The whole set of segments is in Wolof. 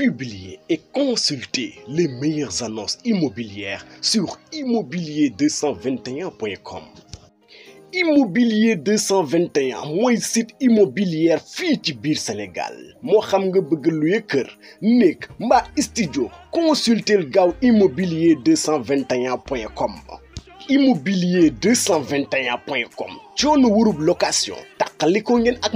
Publiez et consulter les meilleures annonces immobilières sur immobilier221.com. Immobilier 221 site immobilière Fiche ci Mohamed Sénégal Nick, xam nga bëgg luye studio le gars immobilier 221com immobilier 221.com point location ngeen ak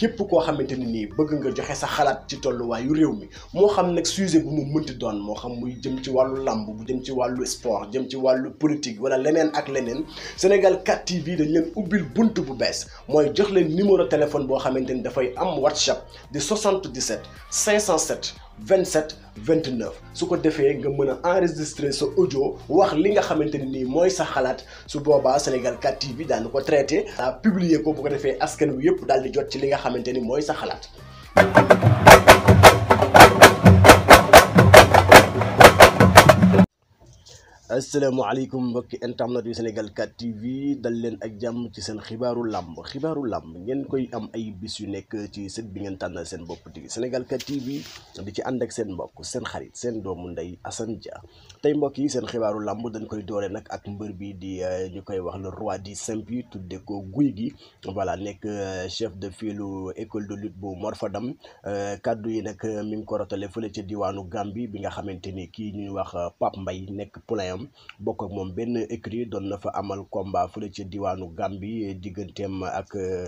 képp koo xamante ni nii bëgg nga joxe sa xalaat ci tolluwaayu réew mi moo xam nag sujet bu mu mënti doon moo xam muy jëm ci wàllu lamb bu jëm ci sport jëm ci wàllu politique wala leneen ak leneen Sénégal 4 TV dañ leen ubbil bunt bu bees jox leen numéro téléphone boo WhatsApp de 77 507 27 29 su ko defee nga mën a enregistrer sa audio wax li nga xamante ni nii mooy sa xalaat su boobaa Sénégal 4 TV daan ko traité. daa publier ko bu ko defee askan bi yëpp daal di jot ci li nga xamante ni mooy sa xalaat. alaykum mbokk internet yu senegal 4 TV dal len ak jam ci sen xibaaru làmb xibaaru làmb ngeen koy am ay bis yu nek ci set bi ngeen tanal sen bop di senegal 4 TV di ci ànd ak seen mbokk sen xarit sen doomu ndey Assane Dia tay mbokk yi sen xibaaru làmb dañ koy doore nak ak mbeur bi di euh, ñukoy wax le roi du simpi tudde ko guy gi voilà euh, chef de file école de lutte bu Morfadam euh, kaddu yi nak mi ngi ko rotale fele ci diwanu Gambie bi nga xamanteni ki ñuy wax pap mbay nek poulain itam bokk ak moom benn écrit doon na fa amal combat fële ca diwaanu Gambie digganteem ak. Euh,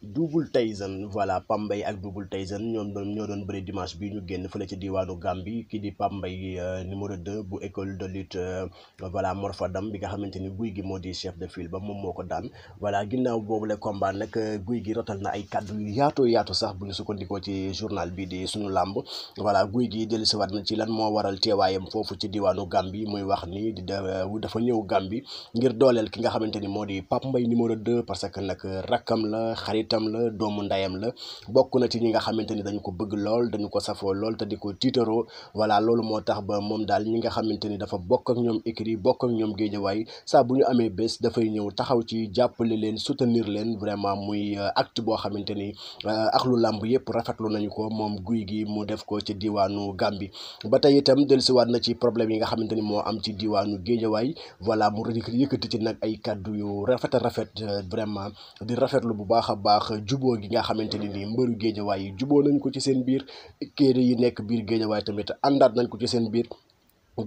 Double Tyson voilà Pape Mbaye ak Double Tyson ñoom ñoo doon bëri dimanche bi ñu génn fële ci diwaanu Gambie kii di Pape Mbaye euh, numéro 2 bu école de lutte euh, voilà Morfadam bi nga xamante ni guy gi moo di chef de file ba moom moo ko daan voilà ginnaaw boobu le combat nag euh, guy gi rotal na ay kàddu yu yaatu sax bu ñu sukkandikoo ci journal bi di suñu làmb voilà guy gi dellusiwaat na ci lan moo waral teewaayam foofu ci diwaanu Gambie muy wax ni dafa ñëw Gambie ngir dooleel ki nga xamante ni moo di Pape Mbaye numéro 2 parce que nag rakkam la xarit. xaritam la doomu ndayam la bokk na ci ñi nga xamante ni dañu ko bëgg lool dañu ko safoo lool te di ko tiitaroo voilà loolu moo tax ba moom daal ñi nga xamante ni dafa bokk ak ñoom écrit bokk ak ñoom géejawaay sax bu ñu amee bés dafay ñëw taxaw ci jàppale leen soutenir leen vraiment muy euh, acte boo xamante ni euh, ak lu làmb yëpp rafetlu nañu ko moom guy gi mu def ko ci diwaanu Gàmbi ba tey itam dellusiwaat na ci problème yi nga xamante ni moo am ci diwaanu géejawaay voilà mu yëkkati ci nag ay kàddu yu rafet a rafet euh, baax juboo gi nga xamante ni nii mbëru géejawaay yi juboo nañ ko ci seen biir écurie yi nekk biir géejawaay tamit àndaat nañ ko ci seen biir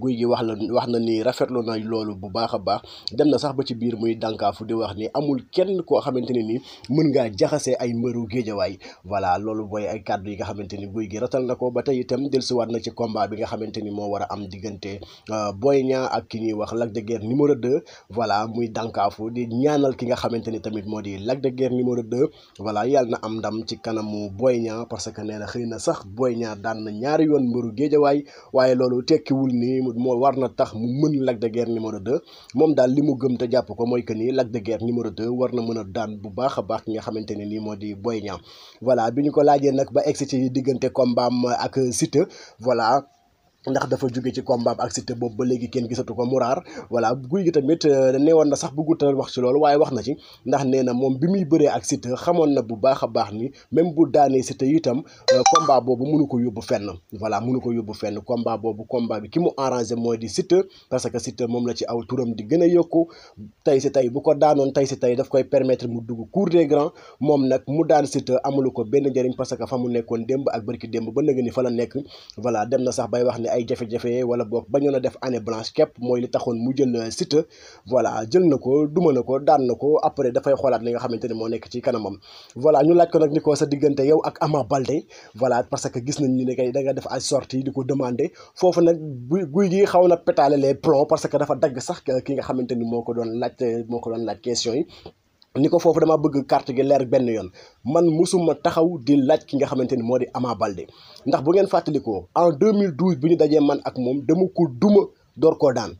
guy gi wax la wax na ni rafetlu na loolu bu baax a baax dem na sax ba ci biir muy dànkaafu di wax ni amul kenn koo xamante ne ni mën ngaa jaxasee ay mbëru géejawaay voilà loolu booy ay kàddu yi nga xamante ni guy gi na ko ba tey itam dellusiwaat na ci combat bi nga xamante ni moo war a am diggante euh, Boy Niang ak ki ñuy wax Lac de Guiers numéro 2 voilà muy dànkaafu di ñaanal ki nga xamante ni tamit moo di Lac de Guiers numéro 2 voilà yàlla na am ndam ci kanamu Boy Niang parce que nee na xëy na sax Boy Niang daan na ñaari yoon mbëru géejawaay waaye loolu tekkiwul ni mu moy war na tax mu meun Lac de guerre numéro 2 mom dal limu gëm te japp ko moy que ni Lac de guerre numéro 2 war na mën daan bu baax a baax nga xamanteni ni modi moo Boy Niang voilà biñu ko laajee nak ba egsi ci diggante combat am ak site voilà ndax dafa jóge ci combat ak Siteu boobu ba légui kenn gisatu ko muraar voilà guy gi tamit euh, neewoon na sax bu a wax ci loolu waye wax na ci ndax nee mom moom bi muy bëree ak Siteu xamoon na bu baax a baax ni même bu daanee Siteu itam euh, combat bobu mënu ko yóbbu fenn voilà mënu ko yóbbu fenn combat bobu combat bi ki mu arrangé moy di Siteu parce que Siteu mom la ci aw touram di gëna yokku tay si tay bu ko daanon tay si tay daf koy permettre mu dugg cour des grands mom nak mu daan Siteu amulu ko benn njëriñ parce que famu nekkon demb ak barki demb ba nga ni fa la nekk voilà dem na sax bay wax ne ay jafé-jafé wala bok bañoon a def année blanche képp moy li taxone mu jël euh, site voilà jël nako duma nako dan nako après da fay xolat li nga xamanteni mo nek ci kanamam voilà ñu laaj ko nak niko sa diggante yow ak Ama Baldé voilà parce que gis nañ ñu ne kay da nga def ay sortie diko demander fofu nak guuy gi xaw pétaler les plombs parce que dafa dag sax ki nga xamanteni moko don ko moko don moo question yi ni ko foofu dama bëgg carte gi leer benn yoon man mësuma taxaw di laaj ki nga xamante ni moo di amaa Baldé ndax bu ngeen fàttalikoo en 2012 bi ñu dajee man ak moom dama ko duma door koo daan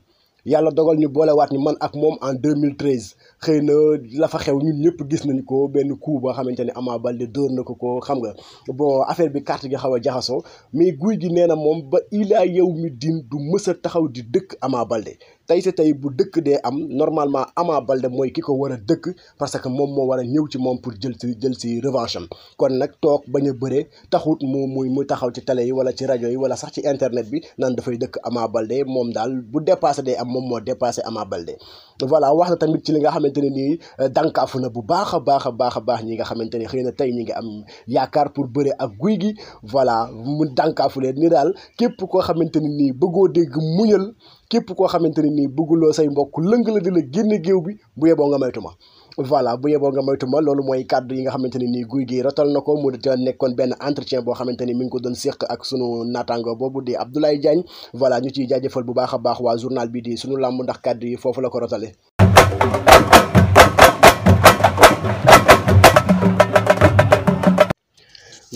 yàlla dogal ñu boolewaat ñu man ak moom en 2013 xëy na la fa xew ñu ñëpp gis nañ ko benn coup boo xamante ni Ama Baldé dóor na ko ko xam nga boo affaire bi carte gi xaw a jaxasoo mais guy gi nee na moom ba ilaa yow mi din du mës taxaw di dëkk Ama Baldé tey tey bu dëkk dee am normalement Ama Baldé mooy ki ko war a dëkk parce que moom moo war a ñëw ci moom pour jël ci jël si revanche am kon nag toog bañ a bëre taxut mu muy mu taxaw ci télé yi wala ci rajo yi wala sax ci internet bi nan dafay dëkk Ama Baldé moom daal bu dépassé dee am moom moo dépassé Ama Baldé voilà wax na tamit ci li nga xamante ne nii euh, dànkaafu na bu baax a baax a baax a baax ñi nga xamante ne xëy na tey ñi ngi am yaakaar pour bëre ak guy gi voilà mu dànkaafu leen ni daal képp koo xamante ne nii bëggoo dégg muñal képp koo xamante ne nii bëgguloo say mbokk lëng la di la génne géew bi bu yeboo nga moytu ma voilà bu yeboo nga moytu ma loolu mooy kàddu yi nga xamante ne nii guy gi rotal na ko mu da nekkoon benn entretien boo xamante ni mi ngi ko doon séq ak sunu naataango boobu di Abdoulaye Diagne voilà ñu ciy jaajafal bu baax a baax waa journal bi di sunu làmb ndax kàddu yi foofu la ko rotale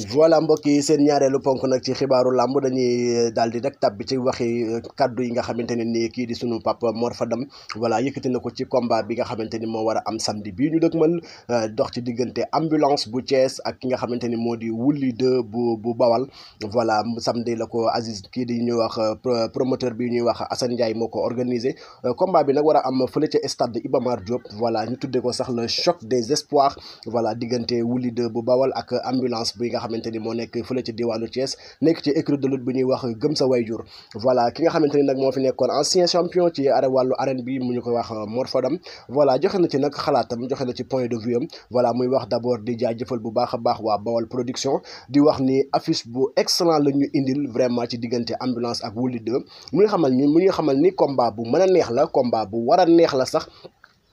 voilà mbokk yi seen ñaareelu ponk nak ci xibaaru lamb dañuy eh, daldi rek tàbbi ci waxi eh, kaddu yi nga xamante ni ki di sunu papa morfa dam voilà yëkëti nako ci combat bi nga xamante mo wara am samedi bi ñu dëgmal eh, dox ci diggante ambulance bu Thiès ak ki nga xamante modi moo wulli de bu bu Bawal voilà samedi lako Aziz ki di ñuy wax promoteur bi ñuy wax Assane Ndiaye moko organiser combat bi nak wara am fële ci stade Iba Mar Diop voilà ñu tuddé ko sax le choc des espoirs voilà diggante wulli de bu Bawal ak ambulance bi nga xamante ni moo nekk fële ci diwaanu Thiès nekk ci écurie de lutte bi ñuy wax gëm sa wayjur voilà ki nga xamante ni nag moo fi nekkoon ancien champion ci are wàllu arène bi mu ñu koy wax morfodam voilà joxe na ci nag xalaatam joxe na ci point de vue am voilà muy wax d' abord di jaajëfal bu baax a baax waa Bawal production di wax ni affiche bu excellent la ñu indil vraiment ci diggante ambulance ak wulli 2 mu ngi xamal ñu mu ngi xamal ni combat bu mën a neex la combat bu war a neex la sax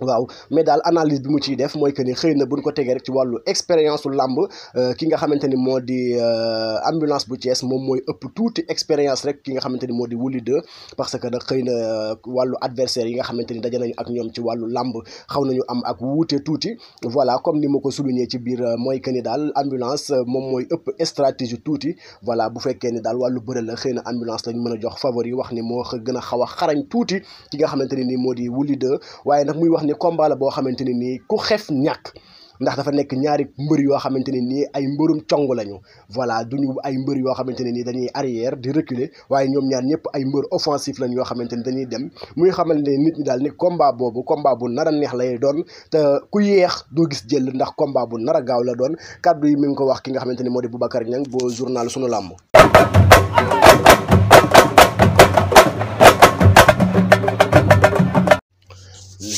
waaw mais daal analyse bi mu ciy def mooy que ni xëy na buñ ko tegee rek ci wàllu expérience su làmb euh, ki nga xamante ni moo di euh, ambulance bu Thiès moom mooy ëpp tuuti expérience rek ki nga xamante ni moo di Wouly 2 parce que nag xëy na euh, wàllu adversaire yi nga xamante ni daje nañu ak ñoom ci wàllu làmb xaw nañu am ak wuute tuuti voilà comme ni ma ko souligné ci biir mooy que ni daal ambulance moom mooy ëpp stratégie tuuti voilà bu fekkee ni daal wàllu bëre la xëy na ambulance lañ mën a jox favori wax ni moo gën a xaw a xarañ tuuti ki nga xamante ni moo di Wouly 2 waaye nag muy wax ni ni la boo xamante ne nii ku xef ñàkk ndax dafa nekk ñaari mbër yoo xamante ne nii ay mbërum cong lañu voilà du ñu ay mbër yoo xamante ne nii dañuy arrière di reculer waaye ñoom ñaar ñëpp ay mbër offensif lañ yoo xamante ni dañuy dem muy xamal ne nit ñi daal ni combat boobu combat bu nar neex lay doon te ku yeex doo gis jël ndax combat bu nar a gaaw la doon kàddu yi mi ngi ko wax ki nga xamante ni moo di Boubacar Niang boo journal sunu làmb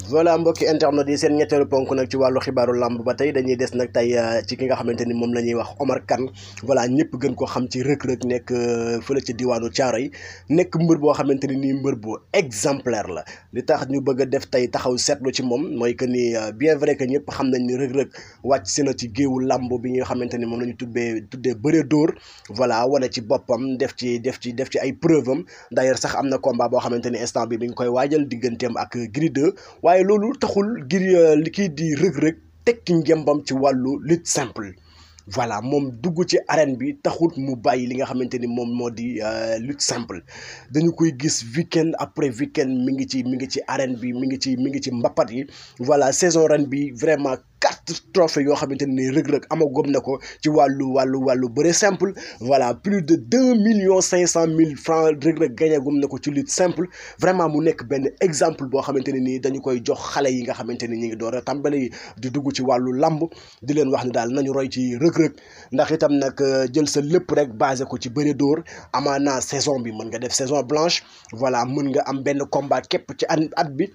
voilà mbokki internet yi seen ñetteelu ponku nak ci walu xibaaru lamb ba tay dañuy dess nak tay euh, ci ki nga xamanteni mom lañuy wax Omar Kan voilà ñepp gën ko xam ci rek rek nek euh, fële ci diwaanu Thiaroye nek mbeur bo xamanteni ni mbeur bo exemplaire la li tax ñu bëgg def tay taxaw setlu ci mom moy que ni euh, bien vrai que ñepp xam nañ ni rek rek wacc si ci geewu lamb bi nga xamanteni mom lañu tuddé tuddé tubbee d'or bëre dóor voilà wane ci bopam def ci def ci def ci ay preuve am d'ailleurs sax amna combat bo xamanteni instant bi bi ñu koy waajal digëntem ak Gris 2 waaye loolu taxul ngir euh, li kii di rëg-rëg tekki ngembam ci wàllu lutte simple voilà moom dugg ci arène bi taxul mu bàyyi li nga xamante ni moom moo di euh, lutte simple dañu koy gis weekend après weekend mi ngi ci mi ngi ci arène bi mi ngi ci mi ngi ci mbappat yi voilà saison ren bi vraiment quatre trophées yoo xamante ni rëg-rëg amagoom na ko ci wàllu wàllu wàllu bëre simple voilà plus de deux millions cinq cent mille francs rëg-rëg gañagum na ko ci lut simple vraiment mu nekk benn exemple boo xamante ne nii dañu koy jox xale yi nga xamante ni ñu ngi door a tàmbali di dugg ci wàllu làmb di leen wax ni daal nañu roy ci rëg-rëg ndax itam nag euh, jël sa lépp rek basé ko ci bëre dóor amaana saison bi mën nga def saison blanche voilà mën nga am benn combat képp ci at bi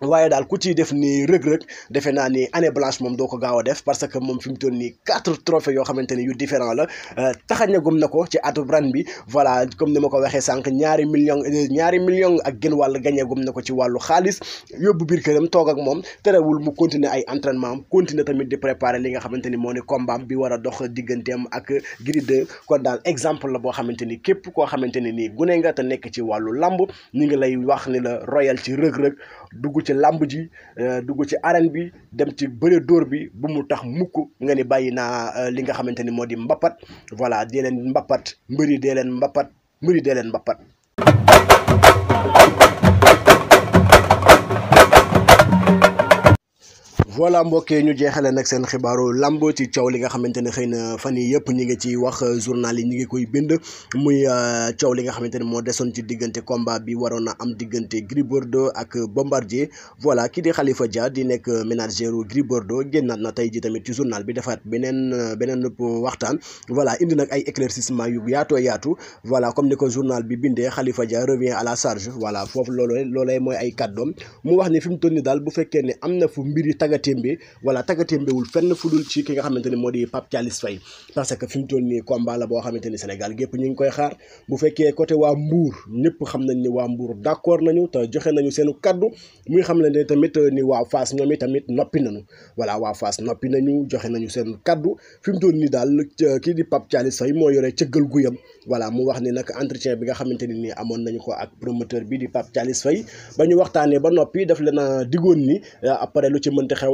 waaye daal ku ciy def nii rëg-rëg defe naa ni année blanche moom doo ko gaaw a def parce que moom fi mu toll nii quatre trophées yoo xamante ni yu différent la euh, taxañagum na ko ci atu ran bi voilà comme ni ma ko waxee sànq ñaari million euh, ñaari million ak gën wàll gañeegum na ko ci wàllu xaalis yóbbu biir këram toog ak moom terewul mu continuer ay entraînement am continuer tamit di préparer li nga xamante ni moo ni combat bi war a dox digganteem ak Gris 2 kon daal exemple la boo xamante ni képp koo xamante ni nii gune nga te nekk ci wàllu lamb ñu ngi lay wax ni la royal ci rëg-rëg ci làmb ji euh, dugg ci arène bi dem ci bëre dóor bi bu mu tax mukk nga ni bàyyi naa euh, li nga xamante ni moo di mbappat voilà dee leen mbappat mbëri dee leen mbappat mbëri dee leen mbappat voilà mbokkee ñu jeexale nag seen xibaaru làmb ci coow li nga xamante ne xëy na fan yii yëpp ñi ngi ci wax journal yi ñi ngi koy bind muy euh, coow li nga xamante ne moo desoon ci diggante combat bi waroon a am diggante Gris Bordeaux ak Bombardier voilà ki di Khalifa Dia di nekk ménageru Gris Bordeaux génnaat na tey ji tamit ci journal bi defaat beneen euh, beneen nëpp waxtaan voilà indi nag ay éclaircissement yu yaatoo yaatu voilà comme ni ko journal bi bindee Khalifa Dia revient à la charge voilà foofu loolu loolee mooy ay kàddoom tembe wala tembe wul fenn fudul ci ki nga xamanteni modi pap tialis fay parce que fim mu combat la boo xamanteni senegal gep gépp ñu ngi koy xaar bu fekke côté wa Mbour ñëpp xam nañ ni wa Mbour d'accord nañu ta joxe nañu senu kaddu muy xam leen day tamit ni wa Fass ñoom tamit nopi nañu wala wa Fass nopi nañu joxe nañu sen kaddu fim mu dal ki di pap tialis fay mo Faye ci yore guyam wala mu wax ni nak entretien bi nga xamanteni ni amon nañ ko ak promoteur bi di pap tialis fay ba ñu waxtaanee ba nopi daf leena a ni euh, après lu ci mënti xew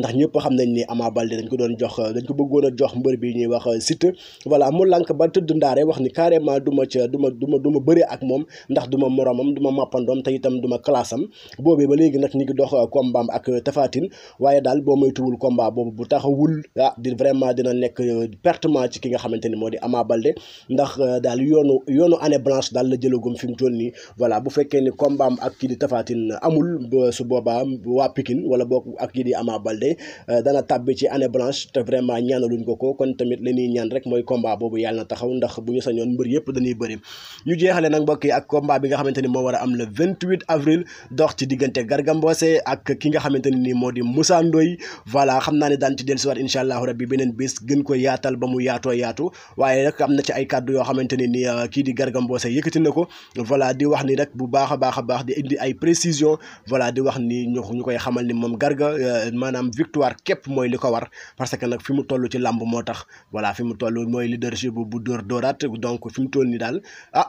ndax ñëpp xam nañ ni amaa Baldé dañ ko doon jox dañ ko bëggoon a jox mbër bi ñuy wax Siteu voilà mu lànk ba tëdd ndaare wax ni carrément du ma ca du ma du ma bëri ak moom ndax du ma moromam du ma màppandoom te itam du ma classam boobee ba léegi nag ñu ngi dox kombaam ak tafaatin waaye daal boo moytuwul combat boobu bu taxawul ah di vraiment dina nekk pertement ci ki nga xamante ni moo di Ama Baldé ndax euh, daal yoonu yoonu année blanche daal la jëlagum fi mu toll nii voilà bu fekkee ni kombaam ak kii di tafaatin amul su boobaam waa Pikine wala boog ak kii di amaa Baldé Baldé euh, dana tàbbi ci année blanche te vraiment ñaanaluñ ko ko kon tamit li ñaan rek mooy combat boobu yàlla na taxaw ndax bu ñu sañoon mbër yëpp dañuy bëri ñu jeexale nag mbokk yi ak combat bi nga xamante ni a di Moussa Ndoye xam naa ne daan ci dellusiwaat incha allahu rabbi beneen bis gën ko yaatal ba mu yaatoo yaatu waaye rek am na ci ay kàddu yoo xamante ne euh, kii di Garga yëkkati na ko voilà di wax ni rek bu baax a baax a di indi ay victoire képp mooy li ko war parce que nag fi mu toll ci làmb moo voilà fi mu toll mooy leadership bu bu dóor dóoraat donc fi mu toll ni ah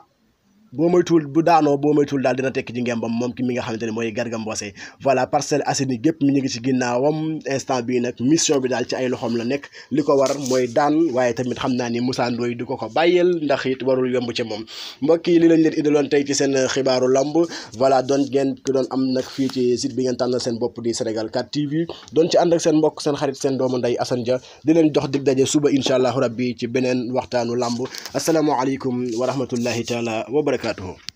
boo moytuwul bu daanoo boo moytuwul dal dina tek ci ngembam mom ki mi nga xamanteni moy gargam bossé voilà Parcelles Assainies gep mi ngi ci ginnawam instant bi nak mission bi dal ci ay loxom la nek liko war moy daan waye tamit xamna ni Moussa Ndoye du ko ko bayel ndax it warul yomb ci mom mbokk li lañ leen indiloon tay ci sen xibaaru lamb voilà don ngeen ko don am nak fi ci site bi ngeen tànnal sen bop di Sénégal 4 TV don ci ànd ak sen mbokk sen xarit sen doomu nday Assane Dia di leen jox dig daje suba inshallah rabbi ci benen waxtanu lamb assalamu alaykum wa rahmatullahi taala wa barakatuh बरकत हो